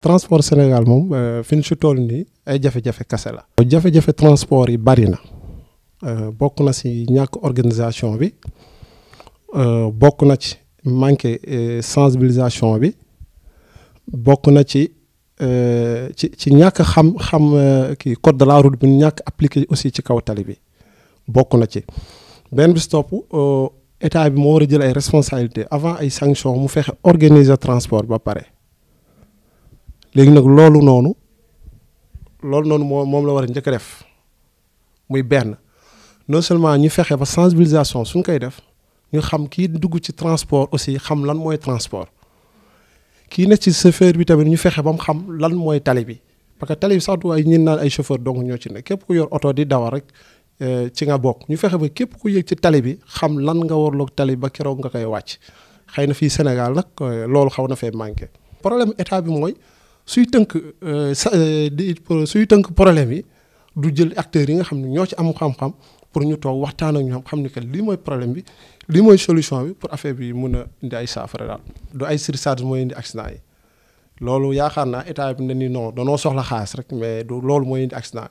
transport Sénégal moom euh, fi ñu si toll nii ay jafe-jafe kase la. jafe-jafe transport yi bari na euh, bokk na si ñàkk organisation bi euh, bokk na ci manqué sensibilisation bi bokk na ci ci ci ñàkk xam xam kii code de la route bi ñàkk appliqué aussi ci kaw tali bi bokk na ci benn bis topp état bi moo war a jël ay responsabilité avant ay sanctions mu fexe organiser transport ba pare. léegi nag loolu noonu loolu noonu moo moom la war a njëkk a def muy benn non seulement ñu fexe ba sensibilisation suñ koy def ñu xam kii dugg ci transport aussi xam lan mooy transport kii ne ci chauffeur bi tamit ñu fexe ba mu xam lan mooy tali bi parce que tali bi sax du ay ñin naan ay chauffeur donc ñoo ci ne képp ku yor oto di dawal rek euh, ci nga bokk ñu fexe ba képp ku yëg ci tali bi xam lan nga warloog tali ba keroog nga koy wàcc xëy na fii Sénégal nag euh, loolu xaw na fee manqué problème état bi mooy. suy tënk euh, sa euh, suy tënk problème yi du jël acteur yi nga xam ne ñoo ci am xam-xam pour ñu toog waxtaan ak ñoom xam ni que lii mooy problème bi lii mooy solution bi pour affaire bi mun a indi ay saafara daal. du ay surcharge mooy indi accident yi loolu yaakaar naa état bi ne ni non danoo soxla xaalis rek mais du loolu mooy indi accident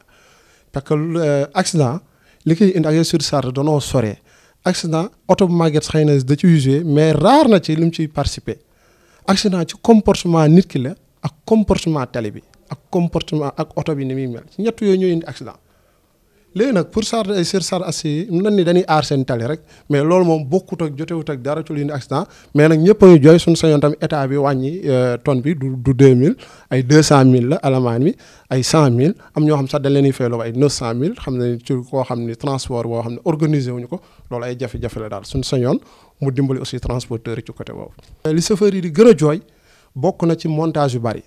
parce que euh, accident li koy indi ak ay surcharge danoo soree accident oto bu màgget xëy na da ci mais rare na ci lim ciy participer accident ci comportement nit ki la. ak comportement tali bi ak comportement ak oto bi ni muy mel ci ñett yooyu ñooy indi accident léegi nag pour sar sur sar assi nan ni dañuy aar seen tali rek mais loolu moom bokkut ak jotewut ak dara ci lu indi accident mais nag ñëpp a ngi jooy sañoon tamit état bi wàññi euh, tonne bi du du deux mille ay deux cent mille la alamaan bi ay cent mille am ñoo xam sax dañ leen di fay lu ay neuf xam ne ci koo xam ni transport xam ne organiser wuñu ko loolu ay jafe la daal suñu sañoon mu dimbali aussi yi ci côté boobu. Euh, yi di gën a jooy. bokk na ci montage yu bari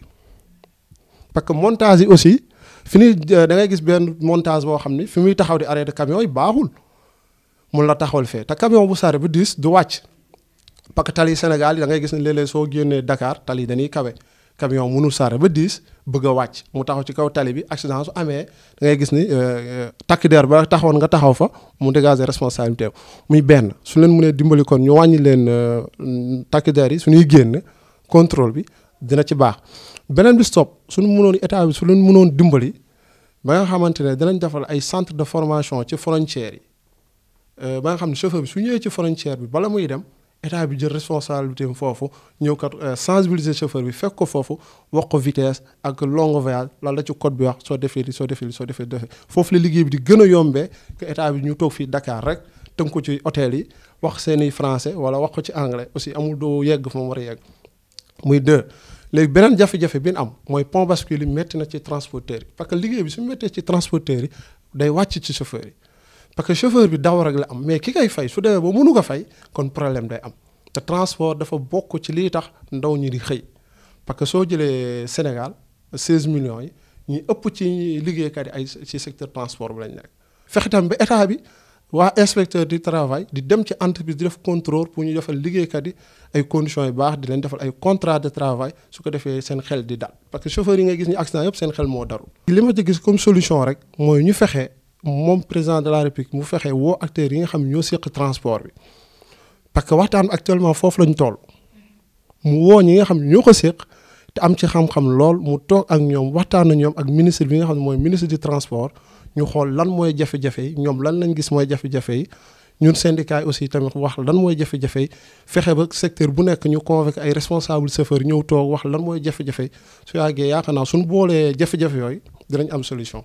parce que montage yi aussi fi ñuy euh, dangay gis benn montage boo xam ni fi muy taxaw di arrêté camion yi baaxul mun la taxawal fee te camion bu sare ba diis du wàcc parce que tali Sénégal yi da ngay gis ne léeg soo génnee Dakar tali dañuy kawe camion munul sare ba diis bëgg a wàcc mu taxaw ci kaw tali bi accident su amee da ngay gis ni euh, euh, takk der ba taxawoon nga taxaw fa mu dégager responsabilité muy benn su leen mënee dimbali kon ñu wàññi leen takk der yi suñuy génn. contrôle bi dina ci baax beneen bi stop suñu mënoon état bi su leen mënoon dimbali ba nga xamante ne danañ defal ay centre de formation ci frontières yi euh, ba nga xam ne chauffeur bi su ñëwee ci frontière bi bala muy dem état bi jël responsabilité am foofu ñëw kat euh, sensibiliser chauffeur bi fekk ko foofu wax ko vitesse ak long voyage lan la ci code bi wax soo defee li soo defee li soo defee defee foofu la liggéey bi di gën a yombee que état bi ñu toog fii Dakar rek tënk ko ci hôtel yi wax seeni français wala wax ko ci anglais aussi amul doo yegg fa war yegg. muy deux léegi beneen jafe-jafe bi ñu am mooy pont bascule yi métti na ci transporteur yi parce que liggéey bi su méttee ci transporteur yi day wàcc ci chauffeur yi parce que chauffeur bi daw rek la am mais ki koy fay su dee ba mënu ko fay kon problème day am te transport dafa bokk ci lii tax ndaw ñi di xëy parce que soo jëlee Sénégal 16 millions yi ñu ëpp ci liggéeykat yi ay ci secteur transport bi lañ nekk fexe tam ba bi. waa inspecteur du travail di dem ci entreprise di def contrôle pour ñu defal liggéeykat yi ay conditions yu baax di leen defal ay contrat de travail su ko defee seen xel di dal parce que chauffeur yi nga gis ñu accident yëpp seen xel moo daru li ma ci gis comme solution rek mooy ñu fexe moom président de la république mu fexe woo acteur yi nga xam ñoo séq transport bi parce que waxtaan actuellement foofu lañ tool mu woo ñi nga xam ñoo ko séq te am ci xam lool mu toog ak ñoom waxtaan na ñoom ak ministre bi nga xam ne mooy ministre du transport ñu xool lan mooy jafe-jafe yi ñoom lan lañ gis mooy jafe-jafe yi ñun syndicat yi aussi tamit wax lan mooy jafe-jafe yi fexe ba secteur bu nekk ñu convoqué ay responsable chauffeur ñëw toog wax lan mooy jafe-jafe yi su yàggee yaakaar naa suñu boolee jafe-jafe yooyu dinañ am solution.